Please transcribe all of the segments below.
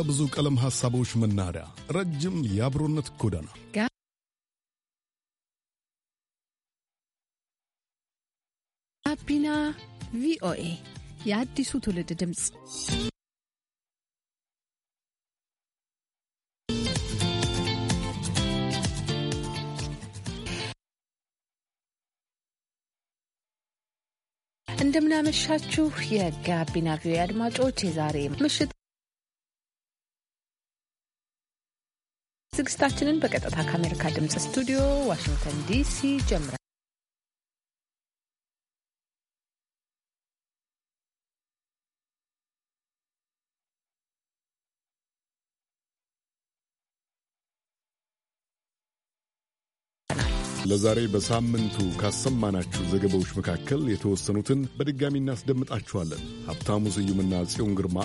ባለ ብዙ ቀለም ሐሳቦች መናኸሪያ፣ ረጅም የአብሮነት ጎዳና ጋቢና ቪኦኤ የአዲሱ ትውልድ ድምፅ። እንደምናመሻችሁ የጋቢና ቪኦኤ አድማጮች የዛሬ ምሽት ዝግጅታችንን በቀጥታ ከአሜሪካ ድምፅ ስቱዲዮ ዋሽንግተን ዲሲ ጀምረ ለዛሬ በሳምንቱ ካሰማናችሁ ዘገባዎች መካከል የተወሰኑትን በድጋሚ እናስደምጣችኋለን። ሀብታሙ ስዩምና ጽዮን ግርማ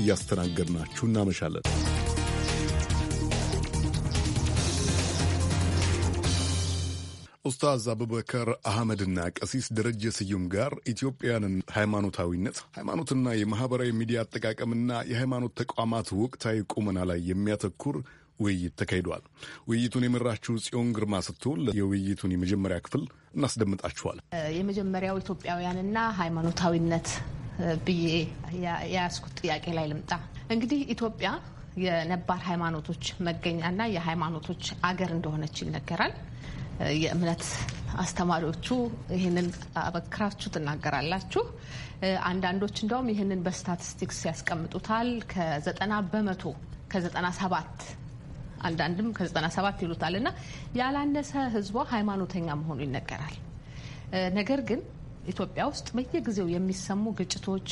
እያስተናገድናችሁ እናመሻለን። ኡስታዝ አቡበከር አህመድና ቀሲስ ደረጀ ስዩም ጋር ኢትዮጵያንን ሃይማኖታዊነት፣ ሃይማኖትና የማህበራዊ ሚዲያ አጠቃቀምና የሃይማኖት ተቋማት ወቅታዊ ቁመና ላይ የሚያተኩር ውይይት ተካሂዷል። ውይይቱን የመራችው ጽዮን ግርማ ስትሆን የውይይቱን የመጀመሪያ ክፍል እናስደምጣችኋል። የመጀመሪያው ኢትዮጵያውያንና ሃይማኖታዊነት ብዬ የያዝኩት ጥያቄ ላይ ልምጣ። እንግዲህ ኢትዮጵያ የነባር ሃይማኖቶች መገኛና የሃይማኖቶች አገር እንደሆነች ይነገራል። የእምነት አስተማሪዎቹ ይህንን አበክራችሁ ትናገራላችሁ። አንዳንዶች እንደውም ይህንን በስታቲስቲክስ ያስቀምጡታል። ከዘጠና በመቶ ከዘጠና ሰባት አንዳንድም ከዘጠና ሰባት ይሉታል እና ያላነሰ ህዝቧ ሃይማኖተኛ መሆኑ ይነገራል። ነገር ግን ኢትዮጵያ ውስጥ በየጊዜው የሚሰሙ ግጭቶች፣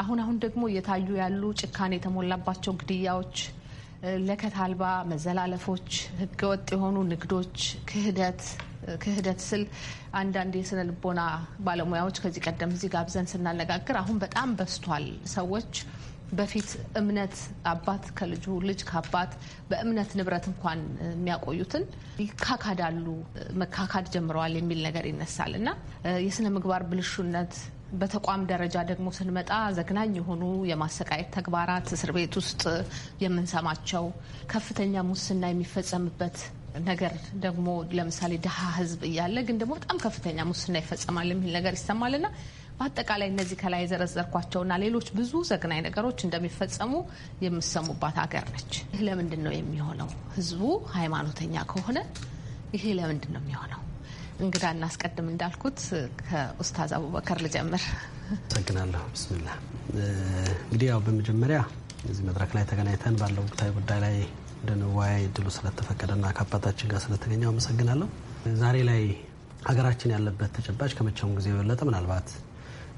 አሁን አሁን ደግሞ እየታዩ ያሉ ጭካኔ የተሞላባቸው ግድያዎች፣ ለከት አልባ መዘላለፎች፣ ህገወጥ የሆኑ ንግዶች፣ ክህደት ክህደት ስል አንዳንድ የስነ ልቦና ባለሙያዎች ከዚህ ቀደም እዚህ ጋብዘን ስናነጋግር አሁን በጣም በስቷል ሰዎች በፊት እምነት አባት ከልጁ ልጅ ከአባት በእምነት ንብረት እንኳን የሚያቆዩትን ይካካዳሉ፣ መካካድ ጀምረዋል የሚል ነገር ይነሳል እና የስነ ምግባር ብልሹነት በተቋም ደረጃ ደግሞ ስንመጣ ዘግናኝ የሆኑ የማሰቃየት ተግባራት እስር ቤት ውስጥ የምንሰማቸው ከፍተኛ ሙስና የሚፈጸምበት ነገር ደግሞ ለምሳሌ ድሃ ህዝብ እያለ ግን ደግሞ በጣም ከፍተኛ ሙስና ይፈጸማል የሚል ነገር ይሰማልና በአጠቃላይ እነዚህ ከላይ የዘረዘርኳቸውና ሌሎች ብዙ ዘግናኝ ነገሮች እንደሚፈጸሙ የምሰሙባት ሀገር ነች። ይህ ለምንድን ነው የሚሆነው? ህዝቡ ሃይማኖተኛ ከሆነ ይሄ ለምንድን ነው የሚሆነው? እንግዳ እናስቀድም እንዳልኩት ከኡስታዝ አቡበከር ልጀምር። አመሰግናለሁ። ብስሚላ እንግዲህ ያው በመጀመሪያ እዚህ መድረክ ላይ ተገናኝተን ባለው ወቅታዊ ጉዳይ ላይ እንድንወያይ እድሉ ስለተፈቀደና ከአባታችን ጋር ስለተገኘው አመሰግናለሁ። ዛሬ ላይ ሀገራችን ያለበት ተጨባጭ ከመቼውም ጊዜ የበለጠ ምናልባት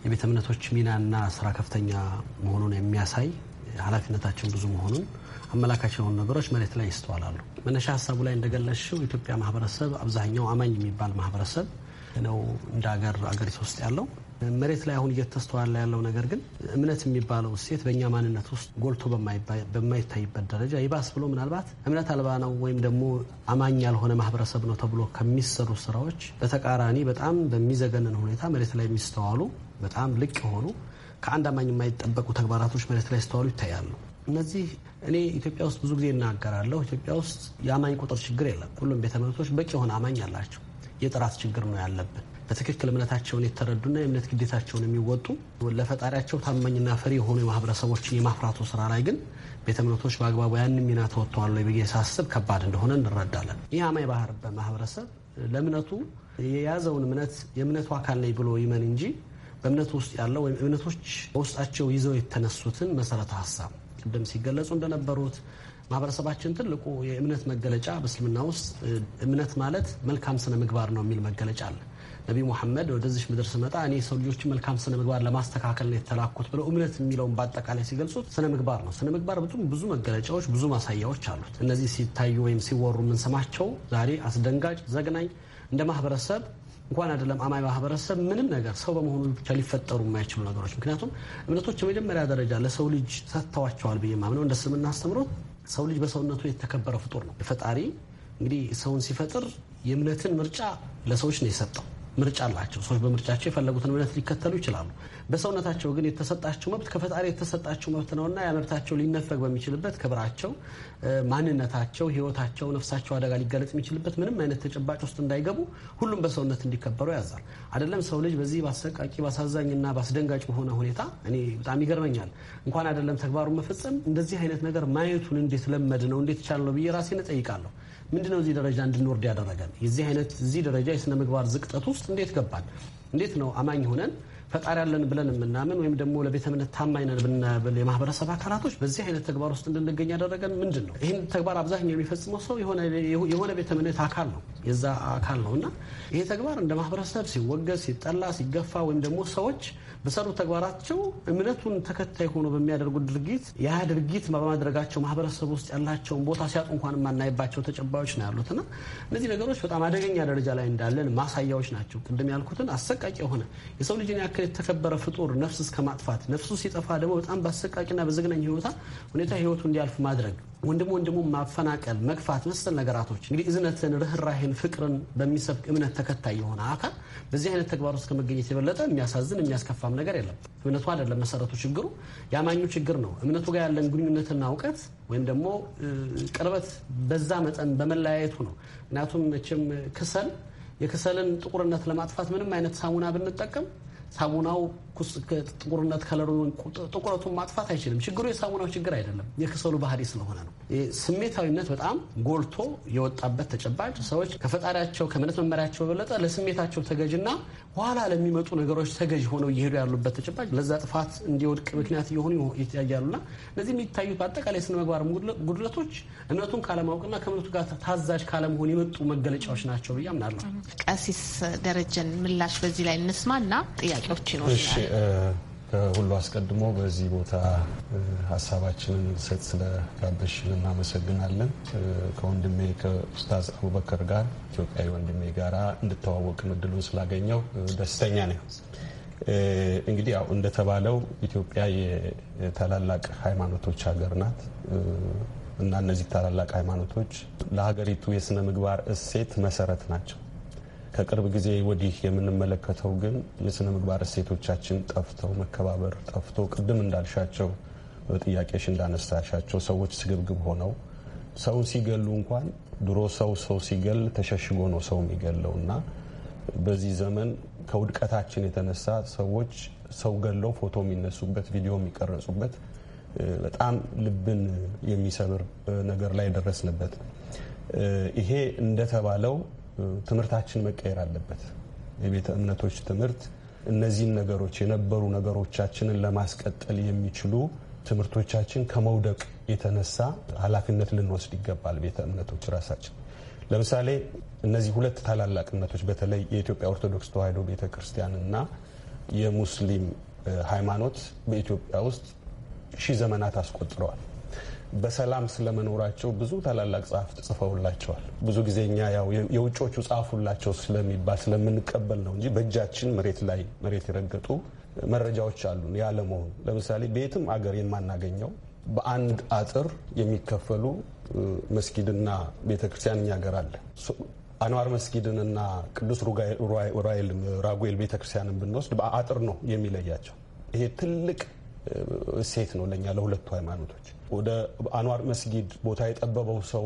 የቤተ እምነቶች ሚናና ስራ ከፍተኛ መሆኑን የሚያሳይ ኃላፊነታችን ብዙ መሆኑን አመላካች የሆኑ ነገሮች መሬት ላይ ይስተዋላሉ። መነሻ ሀሳቡ ላይ እንደገለሽው የኢትዮጵያ ማህበረሰብ አብዛኛው አማኝ የሚባል ማህበረሰብ ነው እንደ ሀገር አገሪቱ ውስጥ ያለው መሬት ላይ አሁን እየተስተዋለ ያለው ነገር ግን እምነት የሚባለው እሴት በእኛ ማንነት ውስጥ ጎልቶ በማይታይበት ደረጃ ይባስ ብሎ ምናልባት እምነት አልባ ነው ወይም ደግሞ አማኝ ያልሆነ ማህበረሰብ ነው ተብሎ ከሚሰሩ ስራዎች በተቃራኒ በጣም በሚዘገንን ሁኔታ መሬት ላይ የሚስተዋሉ በጣም ልቅ የሆኑ ከአንድ አማኝ የማይጠበቁ ተግባራቶች መሬት ላይ ስተዋሉ ይታያሉ። እነዚህ እኔ ኢትዮጵያ ውስጥ ብዙ ጊዜ እናገራለሁ። ኢትዮጵያ ውስጥ የአማኝ ቁጥር ችግር የለም። ሁሉም ቤተ እምነቶች በቂ የሆነ አማኝ አላቸው። የጥራት ችግር ነው ያለብን። በትክክል እምነታቸውን የተረዱና የእምነት ግዴታቸውን የሚወጡ ለፈጣሪያቸው ታማኝና ፈሪ የሆኑ የማህበረሰቦችን የማፍራቱ ስራ ላይ ግን ቤተ እምነቶች በአግባቡ ያን ሚና ተወጥተዋል ብዬ ሳስብ ከባድ እንደሆነ እንረዳለን። ይህ አማኝ ባህር በማህበረሰብ ለእምነቱ የያዘውን እምነት የእምነቱ አካል ነኝ ብሎ ይመን እንጂ በእምነት ውስጥ ያለው ወይም እምነቶች በውስጣቸው ይዘው የተነሱትን መሰረተ ሀሳብ ቅድም ሲገለጹ እንደነበሩት ማህበረሰባችን ትልቁ የእምነት መገለጫ በእስልምና ውስጥ እምነት ማለት መልካም ስነ ምግባር ነው የሚል መገለጫ አለ። ነቢ ሙሐመድ ወደዚች ምድር ስመጣ እኔ ሰው ልጆችን መልካም ስነ ምግባር ለማስተካከል ነው የተላኩት ብለው እምነት የሚለውን በአጠቃላይ ሲገልጹት ስነ ምግባር ነው። ስነ ምግባር ብዙ ብዙ መገለጫዎች፣ ብዙ ማሳያዎች አሉት። እነዚህ ሲታዩ ወይም ሲወሩ የምንሰማቸው ዛሬ አስደንጋጭ፣ ዘግናኝ እንደ ማህበረሰብ እንኳን አይደለም አማኝ ማህበረሰብ ምንም ነገር ሰው በመሆኑ ብቻ ሊፈጠሩ የማይችሉ ነገሮች። ምክንያቱም እምነቶች የመጀመሪያ ደረጃ ለሰው ልጅ ሰጥተዋቸዋል ብዬ ማምነው እንደ እስልምና አስተምሮት ሰው ልጅ በሰውነቱ የተከበረ ፍጡር ነው። ፈጣሪ እንግዲህ ሰውን ሲፈጥር የእምነትን ምርጫ ለሰዎች ነው የሰጠው። ምርጫ አላቸው። ሰዎች በምርጫቸው የፈለጉትን እምነት ሊከተሉ ይችላሉ። በሰውነታቸው ግን የተሰጣቸው መብት ከፈጣሪ የተሰጣቸው መብት ነውና ያ መብታቸው ሊነፈግ በሚችልበት ክብራቸው፣ ማንነታቸው፣ ሕይወታቸው፣ ነፍሳቸው አደጋ ሊገለጽ የሚችልበት ምንም አይነት ተጨባጭ ውስጥ እንዳይገቡ ሁሉም በሰውነት እንዲከበሩ ያዛል። አይደለም ሰው ልጅ በዚህ በአሰቃቂ በአሳዛኝና በአስደንጋጭ በሆነ ሁኔታ እኔ በጣም ይገርመኛል። እንኳን አይደለም ተግባሩን መፈጸም እንደዚህ አይነት ነገር ማየቱን እንዴት ለመድ ነው እንዴት ቻል ነው ብዬ ራሴን እጠይቃለሁ። ምንድነው እዚህ ደረጃ እንድንወርድ ያደረገን? የዚህ አይነት እዚህ ደረጃ የስነ ምግባር ዝቅጠት ውስጥ እንዴት ገባን? እንዴት ነው አማኝ ሆነን ፈጣሪ ያለን ብለን የምናምን ወይም ደግሞ ለቤተ እምነት ታማኝ ነን የማህበረሰብ አካላቶች በዚህ አይነት ተግባር ውስጥ እንድንገኝ ያደረገን ምንድን ነው? ይህን ተግባር አብዛኛው የሚፈጽመው ሰው የሆነ ቤተ እምነት አካል ነው፣ የዛ አካል ነው እና ይሄ ተግባር እንደ ማህበረሰብ ሲወገዝ፣ ሲጠላ፣ ሲገፋ ወይም ደግሞ ሰዎች በሰሩት ተግባራቸው እምነቱን ተከታይ ሆኖ በሚያደርጉት ድርጊት ያ ድርጊት በማድረጋቸው ማህበረሰብ ውስጥ ያላቸውን ቦታ ሲያጡ እንኳን የማናይባቸው ተጨባዮች ነው ያሉት እና እነዚህ ነገሮች በጣም አደገኛ ደረጃ ላይ እንዳለን ማሳያዎች ናቸው። ቅድም ያልኩትን አሰቃቂ የሆነ የሰው ልጅን ያክል የተከበረ ፍጡር ነፍስ እስከ ማጥፋት ነፍሱ ሲጠፋ ደግሞ በጣም በአሰቃቂና በዘግናኝ ህይወታ ሁኔታ ህይወቱ እንዲያልፍ ማድረግ ወንድም ወንድሙ ማፈናቀል፣ መግፋት መሰል ነገራቶች እንግዲህ እዝነትን፣ ርኅራሄን፣ ፍቅርን በሚሰብክ እምነት ተከታይ የሆነ አካል በዚህ አይነት ተግባር ውስጥ ከመገኘት የበለጠ የሚያሳዝን የሚያስከፋም ነገር የለም። እምነቱ አይደለም መሰረቱ ችግሩ፣ የአማኙ ችግር ነው። እምነቱ ጋር ያለን ግንኙነትና እውቀት ወይም ደግሞ ቅርበት በዛ መጠን በመለያየቱ ነው። ምክንያቱም መቼም ክሰል የክሰልን ጥቁርነት ለማጥፋት ምንም አይነት ሳሙና ብንጠቀም ሳሙናው ጥቁርነት ከለሩን ጥቁረቱን ማጥፋት አይችልም። ችግሩ የሳሙናው ችግር አይደለም፣ የክሰሉ ባህሪ ስለሆነ ነው። ስሜታዊነት በጣም ጎልቶ የወጣበት ተጨባጭ ሰዎች ከፈጣሪያቸው ከእምነት መመሪያቸው በበለጠ ለስሜታቸው ተገዥና ኋላ ለሚመጡ ነገሮች ተገዥ ሆነው እየሄዱ ያሉበት ተጨባጭ ለዛ ጥፋት እንዲወድቅ ምክንያት እየሆኑ ይታያሉና እነዚህ የሚታዩት በአጠቃላይ ስነ ምግባር ጉድለቶች እምነቱን ካለማወቅና ከእምነቱ ጋር ታዛዥ ካለመሆን የመጡ መገለጫዎች ናቸው ብዬ አምናለሁ። ቀሲስ ደረጀን ምላሽ በዚህ ላይ እንስማና ጥያቄዎች ይኖርናል። ከሁሉ አስቀድሞ በዚህ ቦታ ሀሳባችንን ሰጥ ስለጋበሽን እናመሰግናለን። ከወንድሜ ከኡስታዝ አቡበከር ጋር ኢትዮጵያዊ ወንድሜ ጋራ እንድተዋወቅ እድሉን ስላገኘው ደስተኛ ነው። እንግዲህ ያው እንደተባለው ኢትዮጵያ የታላላቅ ሃይማኖቶች ሀገር ናት እና እነዚህ ታላላቅ ሃይማኖቶች ለሀገሪቱ የስነ ምግባር እሴት መሰረት ናቸው። ከቅርብ ጊዜ ወዲህ የምንመለከተው ግን የስነ ምግባር እሴቶቻችን ጠፍተው መከባበር ጠፍቶ ቅድም እንዳልሻቸው በጥያቄሽ እንዳነሳሻቸው ሰዎች ስግብግብ ሆነው ሰውን ሲገሉ እንኳን ድሮ ሰው ሰው ሲገል ተሸሽጎ ነው ሰው የሚገለው እና በዚህ ዘመን ከውድቀታችን የተነሳ ሰዎች ሰው ገለው ፎቶ የሚነሱበት ቪዲዮ የሚቀረጹበት በጣም ልብን የሚሰብር ነገር ላይ ደረስንበት። ይሄ እንደተባለው ትምህርታችን መቀየር አለበት። የቤተ እምነቶች ትምህርት እነዚህን ነገሮች የነበሩ ነገሮቻችንን ለማስቀጠል የሚችሉ ትምህርቶቻችን ከመውደቅ የተነሳ ኃላፊነት ልንወስድ ይገባል። ቤተ እምነቶች ራሳችን ለምሳሌ እነዚህ ሁለት ታላላቅ እምነቶች በተለይ የኢትዮጵያ ኦርቶዶክስ ተዋሕዶ ቤተ እና የሙስሊም ሃይማኖት በኢትዮጵያ ውስጥ ሺህ ዘመናት አስቆጥረዋል። በሰላም ስለመኖራቸው ብዙ ታላላቅ ጸሐፍት ጽፈውላቸዋል። ብዙ ጊዜ እኛ ያው የውጮቹ ጻፉላቸው ስለሚባል ስለምንቀበል ነው እንጂ በእጃችን መሬት ላይ መሬት የረገጡ መረጃዎች አሉን ያለመሆኑ። ለምሳሌ በየትም አገር የማናገኘው በአንድ አጥር የሚከፈሉ መስጊድና ቤተክርስቲያን እኛ አገር አለ። አንዋር መስጊድንና ቅዱስ ሩራኤል ራጉኤል ቤተክርስቲያንን ብንወስድ በአጥር ነው የሚለያቸው። ይሄ ትልቅ እሴት ነው ለእኛ ለሁለቱ ሃይማኖቶች። ወደ አንዋር መስጊድ ቦታ የጠበበው ሰው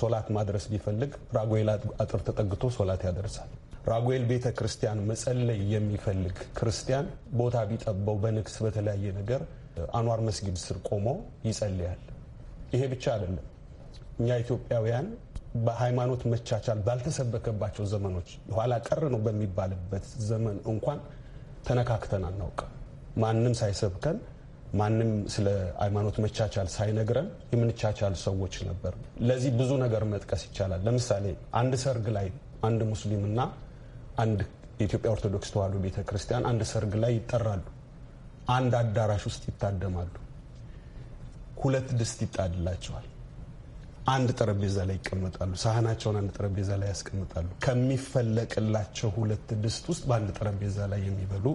ሶላት ማድረስ ቢፈልግ ራጉኤል አጥር ተጠግቶ ሶላት ያደርሳል። ራጉኤል ቤተ ክርስቲያን መጸለይ የሚፈልግ ክርስቲያን ቦታ ቢጠበው በንግስ በተለያየ ነገር አንዋር መስጊድ ስር ቆሞ ይጸልያል። ይሄ ብቻ አይደለም። እኛ ኢትዮጵያውያን በሃይማኖት መቻቻል ባልተሰበከባቸው ዘመኖች ኋላ ቀር ነው በሚባልበት ዘመን እንኳን ተነካክተን አናውቅም። ማንም ሳይሰብከን ማንም ስለ ሃይማኖት መቻቻል ሳይነግረን የምንቻቻል ሰዎች ነበር። ለዚህ ብዙ ነገር መጥቀስ ይቻላል። ለምሳሌ አንድ ሰርግ ላይ አንድ ሙስሊምና አንድ የኢትዮጵያ ኦርቶዶክስ ተዋሕዶ ቤተ ክርስቲያን አንድ ሰርግ ላይ ይጠራሉ። አንድ አዳራሽ ውስጥ ይታደማሉ። ሁለት ድስት ይጣድላቸዋል። አንድ ጠረጴዛ ላይ ይቀመጣሉ። ሳህናቸውን አንድ ጠረጴዛ ላይ ያስቀምጣሉ። ከሚፈለቅላቸው ሁለት ድስት ውስጥ በአንድ ጠረጴዛ ላይ የሚበሉ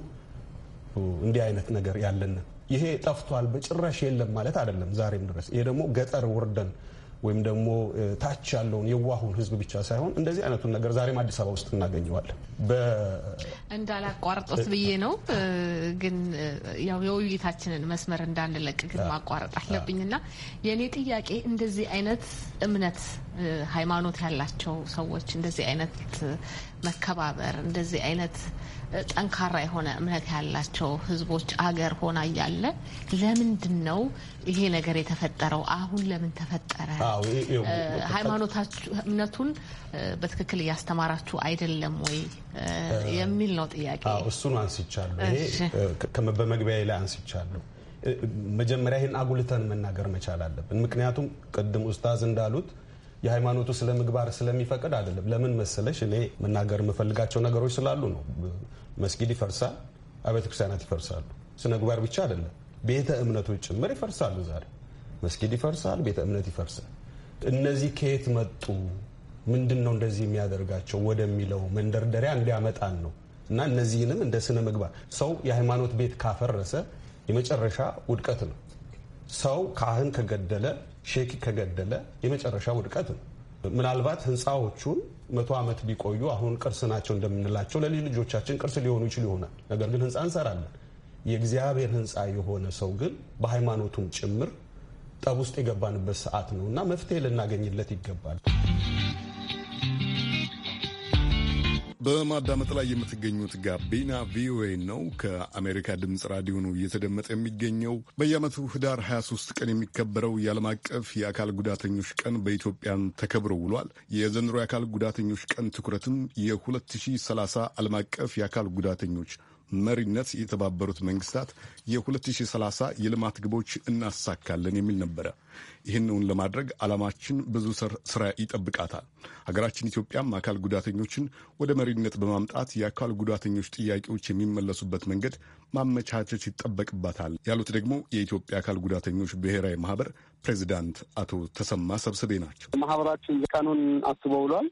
እንዲህ አይነት ነገር ያለንን ይሄ ጠፍቷል በጭራሽ የለም ማለት አይደለም፣ ዛሬም ድረስ ይሄ ደግሞ ገጠር ወርደን ወይም ደግሞ ታች ያለውን የዋሁን ህዝብ ብቻ ሳይሆን እንደዚህ አይነቱን ነገር ዛሬም አዲስ አበባ ውስጥ እናገኘዋለን። እንዳላቋርጦት ብዬ ነው፣ ግን ያው የውይይታችንን መስመር እንዳንለቅ ግን ማቋረጥ አለብኝና የእኔ ጥያቄ እንደዚህ አይነት እምነት ሃይማኖት ያላቸው ሰዎች እንደዚህ አይነት መከባበር፣ እንደዚህ አይነት ጠንካራ የሆነ እምነት ያላቸው ህዝቦች አገር ሆና እያለ ለምንድን ነው ይሄ ነገር የተፈጠረው? አሁን ለምን ተፈጠረ? ሃይማኖታችሁ እምነቱን በትክክል እያስተማራችሁ አይደለም ወይ የሚል ነው ጥያቄ። እሱን አንስቻለሁ። በመግቢያ ላይ አንስቻለሁ። መጀመሪያ ይህን አጉልተን መናገር መቻል አለብን። ምክንያቱም ቅድም ኡስታዝ እንዳሉት የሃይማኖቱ ስለ ምግባር ስለሚፈቅድ አይደለም። ለምን መሰለሽ እኔ መናገር የምፈልጋቸው ነገሮች ስላሉ ነው። መስጊድ ይፈርሳል፣ አብያተ ክርስቲያናት ይፈርሳሉ። ስነ ምግባር ብቻ አይደለም፣ ቤተ እምነቶች ጭምር ይፈርሳሉ። ዛሬ መስጊድ ይፈርሳል፣ ቤተ እምነት ይፈርሳል። እነዚህ ከየት መጡ? ምንድን ነው እንደዚህ የሚያደርጋቸው ወደሚለው መንደርደሪያ እንዲያመጣን ነው እና እነዚህንም እንደ ስነ ምግባር ሰው የሃይማኖት ቤት ካፈረሰ የመጨረሻ ውድቀት ነው። ሰው ካህን ከገደለ ሼክ ከገደለ የመጨረሻው ውድቀት ነው። ምናልባት ህንፃዎቹን መቶ ዓመት ቢቆዩ አሁን ቅርስ ናቸው እንደምንላቸው ለልጅ ልጆቻችን ቅርስ ሊሆኑ ይችል ይሆናል። ነገር ግን ህንፃ እንሰራለን። የእግዚአብሔር ህንፃ የሆነ ሰው ግን በሃይማኖቱም ጭምር ጠብ ውስጥ የገባንበት ሰዓት ነው እና መፍትሄ ልናገኝለት ይገባል። በማዳመጥ ላይ የምትገኙት ጋቢና ቪኦኤ ነው። ከአሜሪካ ድምፅ ራዲዮ ነው እየተደመጠ የሚገኘው። በየዓመቱ ህዳር 23 ቀን የሚከበረው የዓለም አቀፍ የአካል ጉዳተኞች ቀን በኢትዮጵያን ተከብሮ ውሏል። የዘንድሮ የአካል ጉዳተኞች ቀን ትኩረትም የ2030 ዓለም አቀፍ የአካል ጉዳተኞች መሪነት የተባበሩት መንግስታት የ2030 የልማት ግቦች እናሳካለን የሚል ነበረ። ይህንውን ለማድረግ ዓላማችን ብዙ ስራ ይጠብቃታል። ሀገራችን ኢትዮጵያም አካል ጉዳተኞችን ወደ መሪነት በማምጣት የአካል ጉዳተኞች ጥያቄዎች የሚመለሱበት መንገድ ማመቻቸት ይጠበቅባታል ያሉት ደግሞ የኢትዮጵያ አካል ጉዳተኞች ብሔራዊ ማህበር ፕሬዚዳንት አቶ ተሰማ ሰብስቤ ናቸው። ማህበራችን ቀኑን አስበውሏል።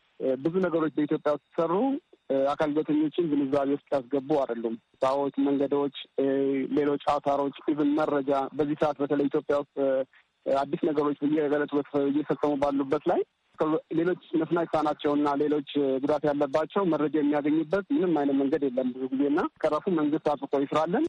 ብዙ ነገሮች በኢትዮጵያ ሲሰሩ ሰሩ አካል ጉዳተኞችን ግንዛቤ ውስጥ ያስገቡ አይደሉም። ሰዎች፣ መንገዶች፣ ሌሎች አውታሮች፣ ኢቭን መረጃ በዚህ ሰዓት በተለይ ኢትዮጵያ ውስጥ አዲስ ነገሮች በየዕለቱ እየፈጸሙ ባሉበት ላይ ሌሎች መስማት እና ሌሎች ጉዳት ያለባቸው መረጃ የሚያገኙበት ምንም አይነት መንገድ የለም ብዙ ጊዜና ቀረፉ መንግስት አጥብቆ ይስራለን።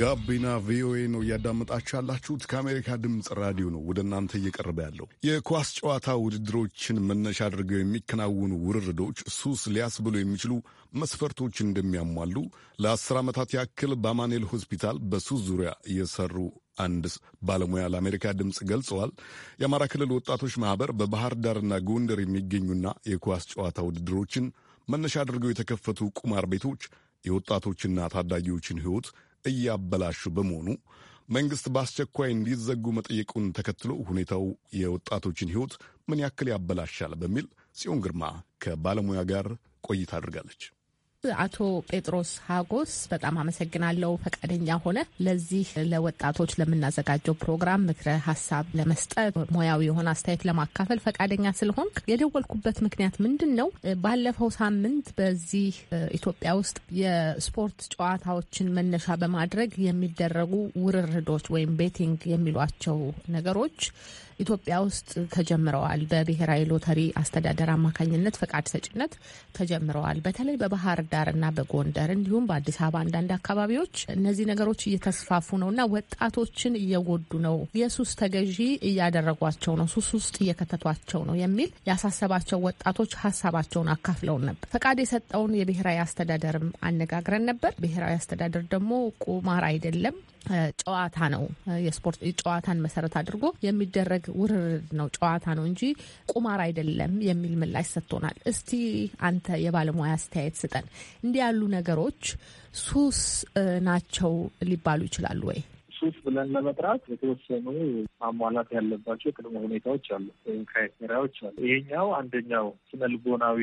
ጋቢና ቪኦኤ ነው እያዳመጣችሁ ያላችሁት። ከአሜሪካ ድምፅ ራዲዮ ነው ወደ እናንተ እየቀረበ ያለው። የኳስ ጨዋታ ውድድሮችን መነሻ አድርገው የሚከናወኑ ውርርዶች ሱስ ሊያስብሉ የሚችሉ መስፈርቶችን እንደሚያሟሉ ለአስር ዓመታት ያክል በአማኑኤል ሆስፒታል በሱስ ዙሪያ እየሰሩ አንድ ባለሙያ ለአሜሪካ ድምፅ ገልጸዋል። የአማራ ክልል ወጣቶች ማህበር በባህር ዳርና ጎንደር የሚገኙና የኳስ ጨዋታ ውድድሮችን መነሻ አድርገው የተከፈቱ ቁማር ቤቶች የወጣቶችና ታዳጊዎችን ህይወት እያበላሹ በመሆኑ መንግስት በአስቸኳይ እንዲዘጉ መጠየቁን ተከትሎ ሁኔታው የወጣቶችን ሕይወት ምን ያክል ያበላሻል በሚል ጽዮን ግርማ ከባለሙያ ጋር ቆይታ አድርጋለች። አቶ ጴጥሮስ ሀጎስ በጣም አመሰግናለሁ ፈቃደኛ ሆነ ለዚህ ለወጣቶች ለምናዘጋጀው ፕሮግራም ምክረ ሀሳብ ለመስጠት ሙያዊ የሆነ አስተያየት ለማካፈል ፈቃደኛ ስለሆንክ። የደወልኩበት ምክንያት ምንድን ነው? ባለፈው ሳምንት በዚህ ኢትዮጵያ ውስጥ የስፖርት ጨዋታዎችን መነሻ በማድረግ የሚደረጉ ውርርዶች ወይም ቤቲንግ የሚሏቸው ነገሮች ኢትዮጵያ ውስጥ ተጀምረዋል። በብሔራዊ ሎተሪ አስተዳደር አማካኝነት ፈቃድ ሰጭነት ተጀምረዋል። በተለይ በባህር ዳርና በጎንደር እንዲሁም በአዲስ አበባ አንዳንድ አካባቢዎች እነዚህ ነገሮች እየተስፋፉ ነው እና ወጣቶችን እየጎዱ ነው፣ የሱስ ተገዢ እያደረጓቸው ነው፣ ሱስ ውስጥ እየከተቷቸው ነው የሚል ያሳሰባቸው ወጣቶች ሀሳባቸውን አካፍለውን ነበር። ፈቃድ የሰጠውን የብሔራዊ አስተዳደርም አነጋግረን ነበር። ብሔራዊ አስተዳደር ደግሞ ቁማር አይደለም ጨዋታ ነው። የስፖርት ጨዋታን መሰረት አድርጎ የሚደረግ ውርርድ ነው። ጨዋታ ነው እንጂ ቁማር አይደለም የሚል ምላሽ ሰጥቶናል። እስቲ አንተ የባለሙያ አስተያየት ስጠን። እንዲህ ያሉ ነገሮች ሱስ ናቸው ሊባሉ ይችላሉ ወይ? ሱስ ብለን ለመጥራት የተወሰኑ ማሟላት ያለባቸው ቅድመ ሁኔታዎች አሉ ወይም ክራይቴሪያዎች አሉ። ይሄኛው አንደኛው ስነልቦናዊ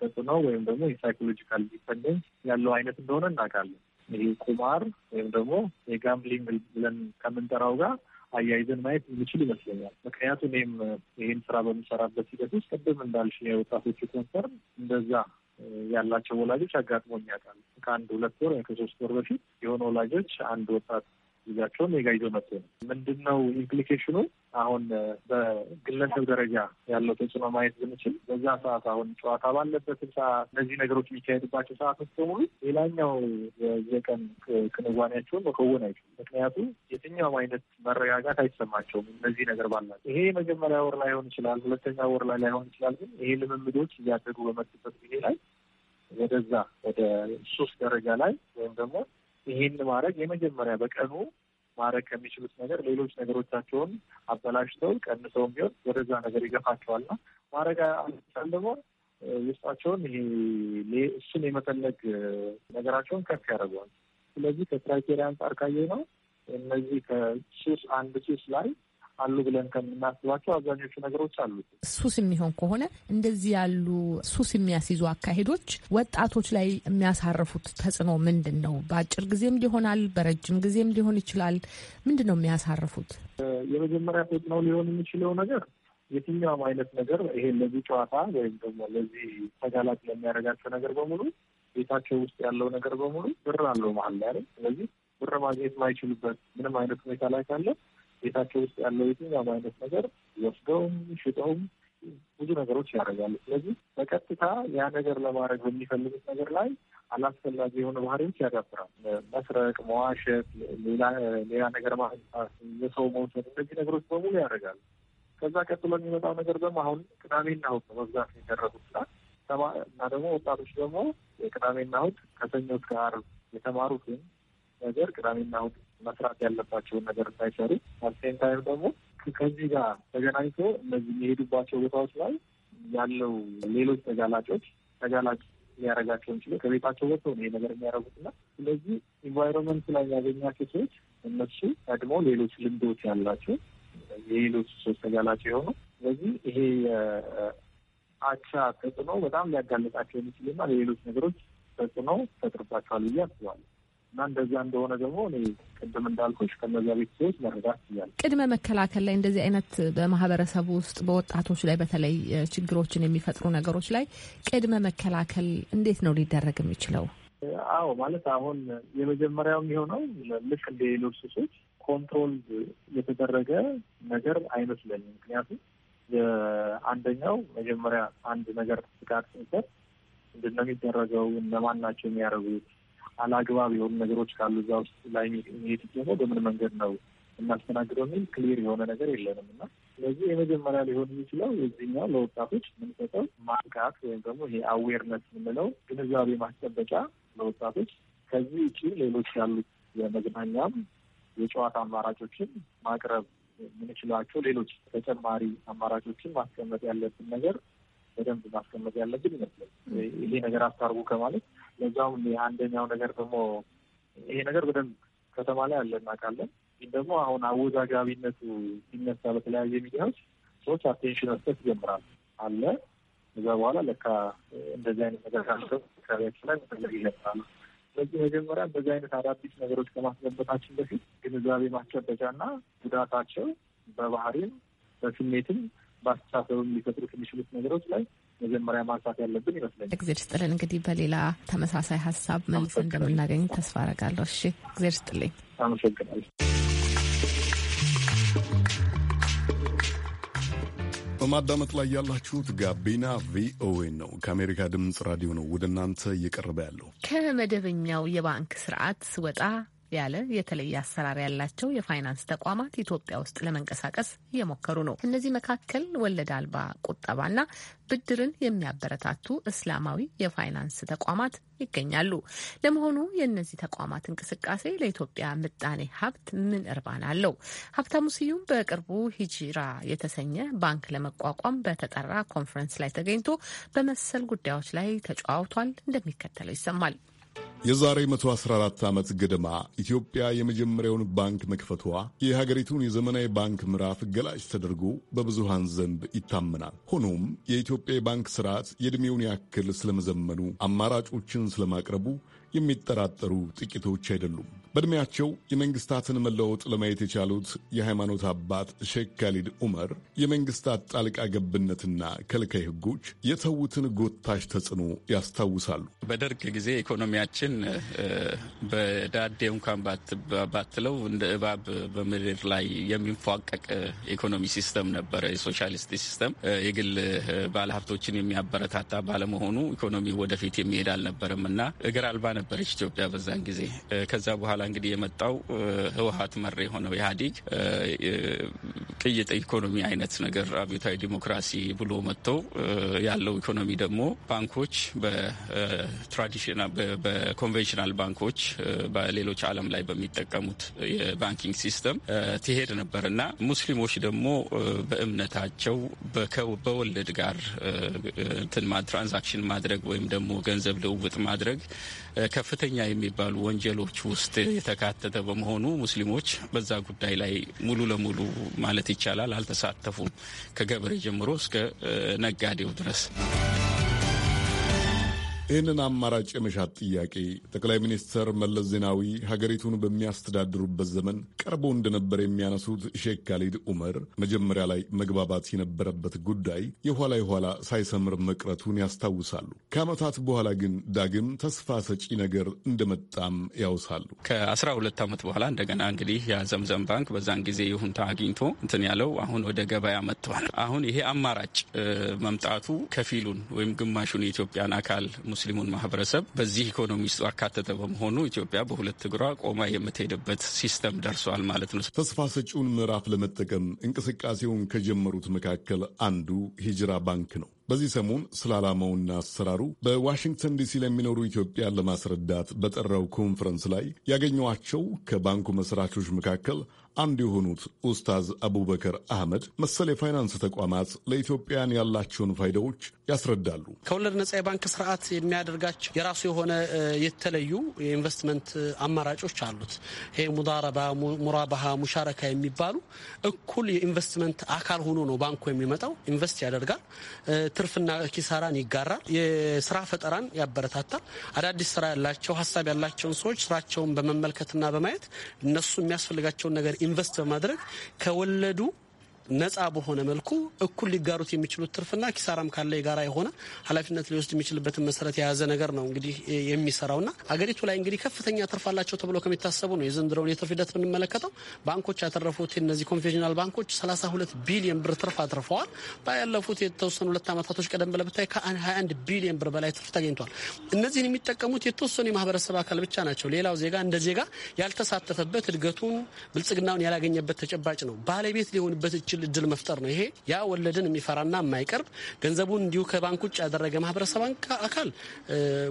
ተጽዕኖ ወይም ደግሞ የሳይኮሎጂካል ዲፐንደንስ ያለው አይነት እንደሆነ እናውቃለን። ይህ ቁማር ወይም ደግሞ የጋምብሊንግ ብለን ከምንጠራው ጋር አያይዘን ማየት የሚችል ይመስለኛል። ምክንያቱም እኔም ይህን ስራ በምሰራበት ሂደት ውስጥ ቅድም እንዳልሽ የወጣቶቹ ኮንሰርን እንደዛ ያላቸው ወላጆች አጋጥሞኝ ያውቃል። ከአንድ ሁለት ወር ከሶስት ወር በፊት የሆነ ወላጆች አንድ ወጣት ልጃቸውን ኔጋ ይዞ ነው። ምንድን ነው ኢምፕሊኬሽኑ? አሁን በግለሰብ ደረጃ ያለው ተጽዕኖ ማየት ብንችል በዛ ሰዓት አሁን ጨዋታ ባለበትም ሰዓት እነዚህ ነገሮች የሚካሄድባቸው ሰዓቶች በሙሉ ሌላኛው የቀን ክንዋኔያቸውን መከወን አይችሉም። ምክንያቱም የትኛውም አይነት መረጋጋት አይሰማቸውም። እነዚህ ነገር ባላቸው ይሄ መጀመሪያ ወር ላይሆን ይችላል፣ ሁለተኛ ወር ላይ ላይሆን ይችላል። ግን ይሄ ልምምዶች እያደጉ በመጡበት ጊዜ ላይ ወደዛ ወደ ሱስ ደረጃ ላይ ወይም ደግሞ ይሄን ማድረግ የመጀመሪያ በቀኑ ማድረግ ከሚችሉት ነገር ሌሎች ነገሮቻቸውን አበላሽተው ቀንሰውም ቢሆን ወደዛ ነገር ይገፋቸዋል ና ማድረግ አልቻል ደግሞ ውስጣቸውን ይሄ እሱን የመፈለግ ነገራቸውን ከፍ ያደርገዋል። ስለዚህ ከክራይቴሪያ አንጻር ካየ ነው እነዚህ ከሱስ አንድ ሱስ ላይ አሉ ብለን ከምናስባቸው አብዛኞቹ ነገሮች አሉ። ሱስ የሚሆን ከሆነ እንደዚህ ያሉ ሱስ የሚያስይዙ አካሄዶች ወጣቶች ላይ የሚያሳርፉት ተጽዕኖ ምንድን ነው? በአጭር ጊዜም ሊሆናል፣ በረጅም ጊዜም ሊሆን ይችላል። ምንድን ነው የሚያሳርፉት? የመጀመሪያ ተጽዕኖ ሊሆን የሚችለው ነገር የትኛውም አይነት ነገር ይሄ ለዚህ ጨዋታ ወይም ደግሞ ለዚህ ተጋላጭ ለሚያደርጋቸው ነገር በሙሉ ቤታቸው ውስጥ ያለው ነገር በሙሉ ብር አለው መሀል ላይ። ስለዚህ ብር ማግኘት ማይችሉበት ምንም አይነት ሁኔታ ላይ ካለ ቤታቸው ውስጥ ያለው የትኛውም አይነት ነገር ወስደውም ሽጠውም ብዙ ነገሮች ያደርጋሉ። ስለዚህ በቀጥታ ያ ነገር ለማድረግ በሚፈልጉት ነገር ላይ አላስፈላጊ የሆነ ባህሪዎች ያዳብራል። መስረቅ፣ መዋሸት፣ ሌላ ነገር ማህንጣት፣ የሰው መውሰድ፣ እነዚህ ነገሮች በሙሉ ያደርጋሉ። ከዛ ቀጥሎ የሚመጣው ነገር ደግሞ አሁን ቅዳሜና እሑድ ነው በብዛት የሚደረጉት እና ደግሞ ወጣቶች ደግሞ የቅዳሜና እሑድ ከሰኞ እስከ ዓርብ የተማሩትን ነገር ቅዳሜና እሑድ መስራት ያለባቸውን ነገር እንዳይሰሩ አሴን ታይም ደግሞ ከዚህ ጋር ተገናኝቶ እነዚህ የሚሄዱባቸው ቦታዎች ላይ ያለው ሌሎች ተጋላጮች ተጋላጭ ሊያደርጋቸው እንችለ ከቤታቸው ወጥቶ ነው ይሄ ነገር የሚያደርጉትና ስለዚህ ኢንቫይሮንመንት ላይ ያገኛቸው ሰዎች እነሱ ቀድሞ ሌሎች ልምዶች ያላቸው የሌሎች ሰዎች ተጋላጭ የሆኑ ስለዚህ ይሄ አቻ ተጽዕኖ በጣም ሊያጋልጣቸው የሚችልና ሌሎች ነገሮች ተጽዕኖ ፈጥርባቸዋል ብዬ አስባለሁ። እና እንደዚያ እንደሆነ ደግሞ እኔ ቅድም እንዳልኩሽ ከነዚያ ቤተሰቦች መረዳት ያለ ቅድመ መከላከል ላይ እንደዚህ አይነት በማህበረሰቡ ውስጥ በወጣቶች ላይ በተለይ ችግሮችን የሚፈጥሩ ነገሮች ላይ ቅድመ መከላከል እንዴት ነው ሊደረግ የሚችለው? አዎ ማለት አሁን የመጀመሪያው የሚሆነው ልክ እንደ ሌሎች ሱሶች ኮንትሮል የተደረገ ነገር አይመስለኝም። ምክንያቱም የአንደኛው መጀመሪያ አንድ ነገር ስጋት ስንሰር ምንድን የሚደረገው? እነማን ናቸው የሚያደርጉት? አላግባብ የሆኑ ነገሮች ካሉ እዛ ውስጥ ላይ ሚሄድ ደግሞ በምን መንገድ ነው እናስተናግደው የሚል ክሊር የሆነ ነገር የለንም እና ስለዚህ የመጀመሪያ ሊሆን የሚችለው የዚህኛው ለወጣቶች የምንሰጠው ማንቃት ወይም ደግሞ ይሄ አዌርነስ የምንለው ግንዛቤ ማስጨበጫ ለወጣቶች ከዚህ ውጭ ሌሎች ያሉት የመዝናኛም የጨዋታ አማራጮችን ማቅረብ የምንችላቸው ሌሎች ተጨማሪ አማራጮችን ማስቀመጥ ያለብን ነገር በደንብ ማስቀመጥ ያለብን ይመስላል። ይሄ ነገር አስታርጉ ከማለት ለዛውም የአንደኛው ነገር ደግሞ ይሄ ነገር በደንብ ከተማ ላይ አለ እናውቃለን። ግን ደግሞ አሁን አወዛጋቢነቱ ሲነሳ በተለያየ ሚዲያዎች ሰዎች አቴንሽን መስጠት ይጀምራል አለ እዛ በኋላ ለካ እንደዚህ አይነት ነገር ካለው አካባቢያችን ላይ መፈለግ ይጀምራሉ። ስለዚህ መጀመሪያ እንደዚህ አይነት አዳዲስ ነገሮች ከማስገበታችን በፊት ግንዛቤ ማስጨበጫ ማስጨበጫና ጉዳታቸው በባህሪም በስሜትም በአስተሳሰብም ሊፈጥሩት የሚችሉት ነገሮች ላይ መጀመሪያ ማንሳት ያለብን ይመስለኛል። እግዜር ስጥልን። እንግዲህ በሌላ ተመሳሳይ ሀሳብ መልስ እንደምናገኝ ተስፋ አረጋለሁ። እሺ፣ እግዜር ስጥልኝ። አመሰግናለሁ። በማዳመጥ ላይ ያላችሁት ጋቢና ቪኦኤ ነው። ከአሜሪካ ድምፅ ራዲዮ ነው ወደ እናንተ እየቀረበ ያለው። ከመደበኛው የባንክ ስርዓት ስወጣ ያለ የተለየ አሰራር ያላቸው የፋይናንስ ተቋማት ኢትዮጵያ ውስጥ ለመንቀሳቀስ እየሞከሩ ነው። እነዚህ መካከል ወለድ አልባ ቁጠባና ብድርን የሚያበረታቱ እስላማዊ የፋይናንስ ተቋማት ይገኛሉ። ለመሆኑ የእነዚህ ተቋማት እንቅስቃሴ ለኢትዮጵያ ምጣኔ ሀብት ምን እርባና አለው? ሀብታሙ ስዩም በቅርቡ ሂጂራ የተሰኘ ባንክ ለመቋቋም በተጠራ ኮንፈረንስ ላይ ተገኝቶ በመሰል ጉዳዮች ላይ ተጫዋውቷል። እንደሚከተለው ይሰማል። የዛሬ 114 ዓመት ገደማ ኢትዮጵያ የመጀመሪያውን ባንክ መክፈቷ የሀገሪቱን የዘመናዊ ባንክ ምዕራፍ ገላጭ ተደርጎ በብዙሃን ዘንድ ይታመናል። ሆኖም የኢትዮጵያ የባንክ ስርዓት የዕድሜውን ያክል ስለመዘመኑ፣ አማራጮችን ስለማቅረቡ የሚጠራጠሩ ጥቂቶች አይደሉም። በዕድሜያቸው የመንግስታትን መለወጥ ለማየት የቻሉት የሃይማኖት አባት ሼክ ካሊድ ዑመር የመንግስታት ጣልቃ ገብነትና ከልካይ ህጎች የተዉትን ጎታች ተጽዕኖ ያስታውሳሉ። በደርግ ጊዜ ኢኮኖሚያችን በዳዴ እንኳን ባትለው እንደ እባብ በምድር ላይ የሚንፏቀቅ ኢኮኖሚ ሲስተም ነበረ። የሶሻሊስት ሲስተም የግል ባለሀብቶችን የሚያበረታታ ባለመሆኑ ኢኮኖሚ ወደፊት የሚሄድ አልነበረም እና እግር አልባ ነበረች ኢትዮጵያ በዛን ጊዜ ከዛ በኋላ እንግዲህ የመጣው ህወሀት መር የሆነው ኢህአዴግ ቅይጥ ኢኮኖሚ አይነት ነገር አብዮታዊ ዲሞክራሲ ብሎ መጥቶ ያለው ኢኮኖሚ ደግሞ ባንኮች በትራዲሽናል በኮንቬንሽናል ባንኮች በሌሎች ዓለም ላይ በሚጠቀሙት የባንኪንግ ሲስተም ትሄድ ነበር እና ሙስሊሞች ደግሞ በእምነታቸው በወለድ ጋር ትራንዛክሽን ማድረግ ወይም ደግሞ ገንዘብ ልውውጥ ማድረግ ከፍተኛ የሚባሉ ወንጀሎች ውስጥ የተካተተ በመሆኑ ሙስሊሞች በዛ ጉዳይ ላይ ሙሉ ለሙሉ ማለት ይቻላል አልተሳተፉም፣ ከገበሬ ጀምሮ እስከ ነጋዴው ድረስ። ይህንን አማራጭ የመሻት ጥያቄ ጠቅላይ ሚኒስትር መለስ ዜናዊ ሀገሪቱን በሚያስተዳድሩበት ዘመን ቀርቦ እንደነበር የሚያነሱት ሼክ ካሊድ ኡመር መጀመሪያ ላይ መግባባት የነበረበት ጉዳይ የኋላ የኋላ ሳይሰምር መቅረቱን ያስታውሳሉ። ከዓመታት በኋላ ግን ዳግም ተስፋ ሰጪ ነገር እንደመጣም ያውሳሉ። ከአስራ ሁለት ዓመት በኋላ እንደገና እንግዲህ የዘምዘም ባንክ በዛን ጊዜ ይሁንታ አግኝቶ እንትን ያለው አሁን ወደ ገበያ መጥተዋል። አሁን ይሄ አማራጭ መምጣቱ ከፊሉን ወይም ግማሹን የኢትዮጵያን አካል ሙስሊሙን ማህበረሰብ በዚህ ኢኮኖሚ ውስጥ አካተተ በመሆኑ ኢትዮጵያ በሁለት እግሯ ቆማ የምትሄድበት ሲስተም ደርሷል ማለት ነው። ተስፋ ሰጪውን ምዕራፍ ለመጠቀም እንቅስቃሴውን ከጀመሩት መካከል አንዱ ሂጅራ ባንክ ነው። በዚህ ሰሞን ስለ ዓላማውና አሰራሩ በዋሽንግተን ዲሲ ለሚኖሩ ኢትዮጵያን ለማስረዳት በጠራው ኮንፈረንስ ላይ ያገኘኋቸው ከባንኩ መስራቾች መካከል አንዱ የሆኑት ኡስታዝ አቡበከር አህመድ መሰል የፋይናንስ ተቋማት ለኢትዮጵያን ያላቸውን ፋይዳዎች ያስረዳሉ። ከወለድ ነጻ የባንክ ስርዓት የሚያደርጋቸው የራሱ የሆነ የተለዩ የኢንቨስትመንት አማራጮች አሉት። ይሄ ሙዳረባ፣ ሙራባሃ፣ ሙሻረካ የሚባሉ እኩል የኢንቨስትመንት አካል ሆኖ ነው ባንኩ የሚመጣው። ኢንቨስት ያደርጋል፣ ትርፍና ኪሳራን ይጋራል፣ የስራ ፈጠራን ያበረታታል። አዳዲስ ስራ ያላቸው ሀሳብ ያላቸውን ሰዎች ስራቸውን በመመልከትና በማየት እነሱ የሚያስፈልጋቸውን ነገር ኢንቨስት በማድረግ ከወለዱ ነጻ በሆነ መልኩ እኩል ሊጋሩት የሚችሉት ትርፍና ኪሳራም ካለ የጋራ የሆነ ኃላፊነት ሊወስድ የሚችልበትን መሰረት የያዘ ነገር ነው እንግዲህ የሚሰራውና አገሪቱ ላይ እንግዲህ ከፍተኛ ትርፍ አላቸው ተብሎ ከሚታሰቡ ነው የዘንድረውን የትርፍ ሂደት ብንመለከተው ባንኮች ያተረፉት እነዚህ ኮንቬንሽናል ባንኮች 32 ቢሊዮን ብር ትርፍ አትርፈዋል። ባለፉት የተወሰኑ ሁለት ዓመታቶች ቀደም ብለህ ከ21 ቢሊዮን ብር በላይ ትርፍ ተገኝቷል። እነዚህን የሚጠቀሙት የተወሰኑ የማህበረሰብ አካል ብቻ ናቸው። ሌላው ዜጋ እንደ ዜጋ ያልተሳተፈበት እድገቱን ብልጽግናውን ያላገኘበት ተጨባጭ ነው ባለቤት ሊሆንበት የሚችል እድል መፍጠር ነው። ይሄ ያ ወለድን የሚፈራና የማይቀርብ ገንዘቡን እንዲሁ ከባንክ ውጭ ያደረገ ማህበረሰብ አካል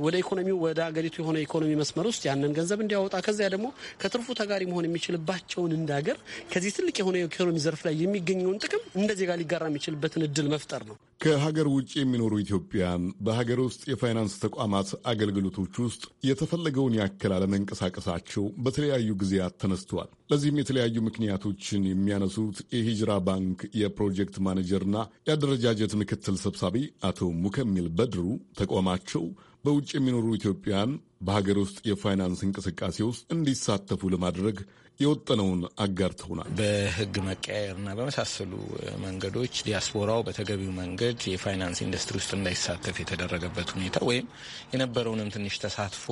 ወደ ኢኮኖሚው ወደ ሀገሪቱ የሆነ ኢኮኖሚ መስመር ውስጥ ያንን ገንዘብ እንዲያወጣ ከዚያ ደግሞ ከትርፉ ተጋሪ መሆን የሚችልባቸውን እንዳገር ከዚህ ትልቅ የሆነ የኢኮኖሚ ዘርፍ ላይ የሚገኘውን ጥቅም እንደ ዜጋ ሊጋራ የሚችልበትን እድል መፍጠር ነው። ከሀገር ውጭ የሚኖሩ ኢትዮጵያን በሀገር ውስጥ የፋይናንስ ተቋማት አገልግሎቶች ውስጥ የተፈለገውን ያክል አለመንቀሳቀሳቸው በተለያዩ ጊዜያት ተነስተዋል። ለዚህም የተለያዩ ምክንያቶችን የሚያነሱት የሂጅራ ባንክ የፕሮጀክት ማኔጀርና የአደረጃጀት ምክትል ሰብሳቢ አቶ ሙከሚል በድሩ ተቋማቸው በውጭ የሚኖሩ ኢትዮጵያን በሀገር ውስጥ የፋይናንስ እንቅስቃሴ ውስጥ እንዲሳተፉ ለማድረግ የወጠነውን አጋርተውናል። በህግ መቀያየርና በመሳሰሉ መንገዶች ዲያስፖራው በተገቢው መንገድ የፋይናንስ ኢንዱስትሪ ውስጥ እንዳይሳተፍ የተደረገበት ሁኔታ ወይም የነበረውንም ትንሽ ተሳትፎ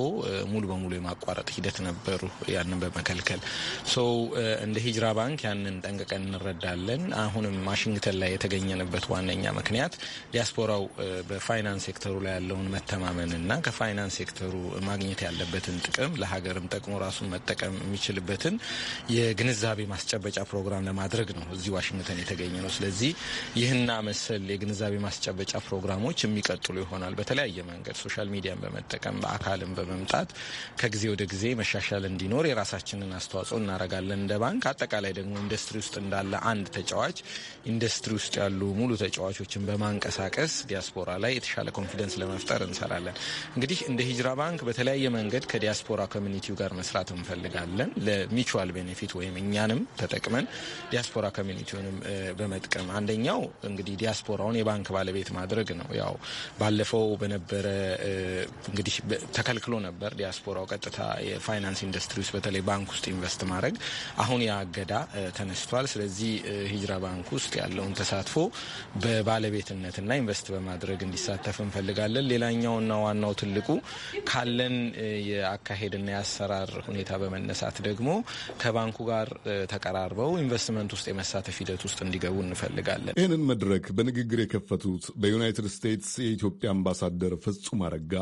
ሙሉ በሙሉ የማቋረጥ ሂደት ነበሩ። ያንን በመከልከል ሰው እንደ ሂጅራ ባንክ ያንን ጠንቅቀን እንረዳለን። አሁንም ዋሽንግተን ላይ የተገኘንበት ዋነኛ ምክንያት ዲያስፖራው በፋይናንስ ሴክተሩ ላይ ያለውን መተማመንና ከፋይናንስ ሴክተሩ ማግኘት ያለበትን ጥቅም ለሀገርም ጠቅሞ ራሱን መጠቀም የሚችልበትን የግንዛቤ ማስጨበጫ ፕሮግራም ለማድረግ ነው እዚህ ዋሽንግተን የተገኘ ነው። ስለዚህ ይህና መሰል የግንዛቤ ማስጨበጫ ፕሮግራሞች የሚቀጥሉ ይሆናል። በተለያየ መንገድ ሶሻል ሚዲያን በመጠቀም በአካልም በመምጣት ከጊዜ ወደ ጊዜ መሻሻል እንዲኖር የራሳችንን አስተዋጽኦ እናደርጋለን እንደ ባንክ። አጠቃላይ ደግሞ ኢንዱስትሪ ውስጥ እንዳለ አንድ ተጫዋች ኢንዱስትሪ ውስጥ ያሉ ሙሉ ተጫዋቾችን በማንቀሳቀስ ዲያስፖራ ላይ የተሻለ ኮንፊደንስ ለመፍጠር እንሰራለን። እንግዲህ እንደ ሂጅራ ባንክ በተለያየ መንገድ ከዲያስፖራ ኮሚኒቲው ጋር መስራት እንፈልጋለን ለሚቹ ሚውቹዋል ቤኔፊት ወይም እኛንም ተጠቅመን ዲያስፖራ ኮሚኒቲውንም በመጥቀም አንደኛው እንግዲህ ዲያስፖራውን የባንክ ባለቤት ማድረግ ነው። ያው ባለፈው በነበረ እንግዲህ ተከልክሎ ነበር ዲያስፖራው ቀጥታ የፋይናንስ ኢንዱስትሪ ውስጥ በተለይ ባንክ ውስጥ ኢንቨስት ማድረግ። አሁን ያ እገዳ ተነስቷል። ስለዚህ ሂጅራ ባንክ ውስጥ ያለውን ተሳትፎ በባለቤትነትና ኢንቨስት በማድረግ እንዲሳተፍ እንፈልጋለን። ሌላኛውና ዋናው ትልቁ ካለን የአካሄድና የአሰራር ሁኔታ በመነሳት ደግሞ ከባንኩ ጋር ተቀራርበው ኢንቨስትመንት ውስጥ የመሳተፍ ሂደት ውስጥ እንዲገቡ እንፈልጋለን። ይህንን መድረክ በንግግር የከፈቱት በዩናይትድ ስቴትስ የኢትዮጵያ አምባሳደር ፍጹም አረጋ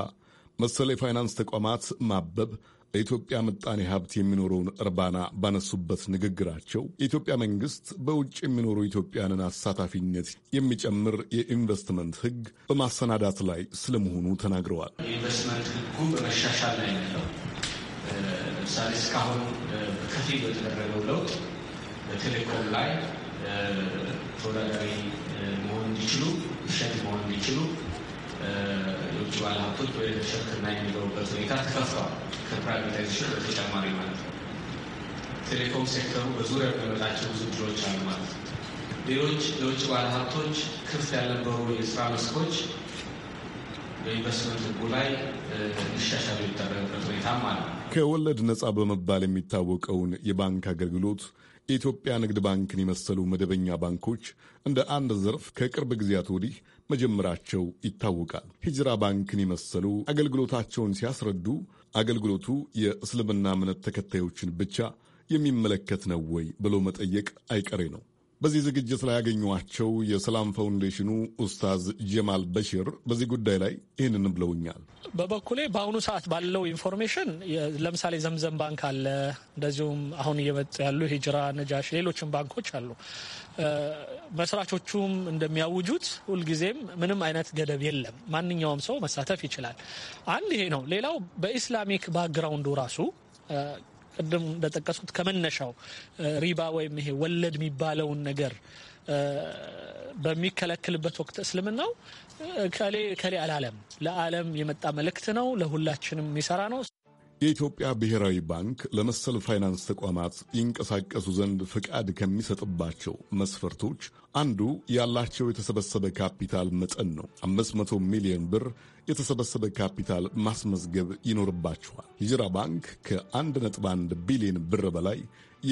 መሰለ የፋይናንስ ተቋማት ማበብ ለኢትዮጵያ ምጣኔ ሀብት የሚኖረውን እርባና ባነሱበት ንግግራቸው የኢትዮጵያ መንግስት በውጭ የሚኖሩ ኢትዮጵያንን አሳታፊነት የሚጨምር የኢንቨስትመንት ሕግ በማሰናዳት ላይ ስለመሆኑ ተናግረዋል። የኢንቨስትመንት ሕጉ በመሻሻል ላይ ያለው ለምሳሌ እስካሁን በከፊል በተደረገው ለውጥ በቴሌኮም ላይ ተወዳዳሪ መሆን እንዲችሉ ሸድ መሆን እንዲችሉ የውጭ ባለሀብቶች ወደ ሽርክና የሚገቡበት ሁኔታ ተከፍቷል። ከፕራይቬታይዜሽን በተጨማሪ ማለት ነው። ቴሌኮም ሴክተሩ በዙሪያ የሚመጣቸው ብዙ ድሎች አሉ ማለት ነው። ሌሎች የውጭ ባለሀብቶች ክፍት ያልነበሩ የስራ መስኮች ከወለድ ነጻ በመባል የሚታወቀውን የባንክ አገልግሎት የኢትዮጵያ ንግድ ባንክን የመሰሉ መደበኛ ባንኮች እንደ አንድ ዘርፍ ከቅርብ ጊዜያት ወዲህ መጀመራቸው ይታወቃል። ሂጅራ ባንክን የመሰሉ አገልግሎታቸውን ሲያስረዱ አገልግሎቱ የእስልምና እምነት ተከታዮችን ብቻ የሚመለከት ነው ወይ ብሎ መጠየቅ አይቀሬ ነው። በዚህ ዝግጅት ላይ ያገኟቸው የሰላም ፋውንዴሽኑ ኡስታዝ ጀማል በሽር በዚህ ጉዳይ ላይ ይህንን ብለውኛል። በበኩሌ በአሁኑ ሰዓት ባለው ኢንፎርሜሽን ለምሳሌ ዘምዘም ባንክ አለ፣ እንደዚሁም አሁን እየመጡ ያሉ ሂጅራ፣ ነጃሽ፣ ሌሎችም ባንኮች አሉ። መስራቾቹም እንደሚያውጁት ሁልጊዜም ምንም አይነት ገደብ የለም፣ ማንኛውም ሰው መሳተፍ ይችላል። አንድ ይሄ ነው። ሌላው በኢስላሚክ ባክግራውንዱ ራሱ ቅድም እንደጠቀስኩት ከመነሻው ሪባ ወይም ይሄ ወለድ የሚባለውን ነገር በሚከለክልበት ወቅት እስልምናው ከሌ ከሌ አላለም ለዓለም የመጣ መልእክት ነው። ለሁላችንም የሚሰራ ነው። የኢትዮጵያ ብሔራዊ ባንክ ለመሰል ፋይናንስ ተቋማት ይንቀሳቀሱ ዘንድ ፈቃድ ከሚሰጥባቸው መስፈርቶች አንዱ ያላቸው የተሰበሰበ ካፒታል መጠን ነው። 500 ሚሊዮን ብር የተሰበሰበ ካፒታል ማስመዝገብ ይኖርባቸዋል። ሂጅራ ባንክ ከ1.1 ቢሊዮን ብር በላይ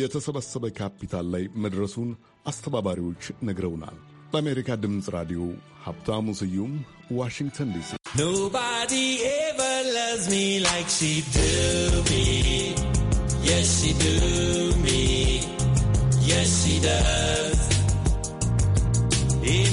የተሰበሰበ ካፒታል ላይ መድረሱን አስተባባሪዎች ነግረውናል። በአሜሪካ ድምፅ ራዲዮ ሀብታሙ ስዩም ዋሽንግተን ዲሲ loves me like she do me. Yes, she do me. Yes, she does. In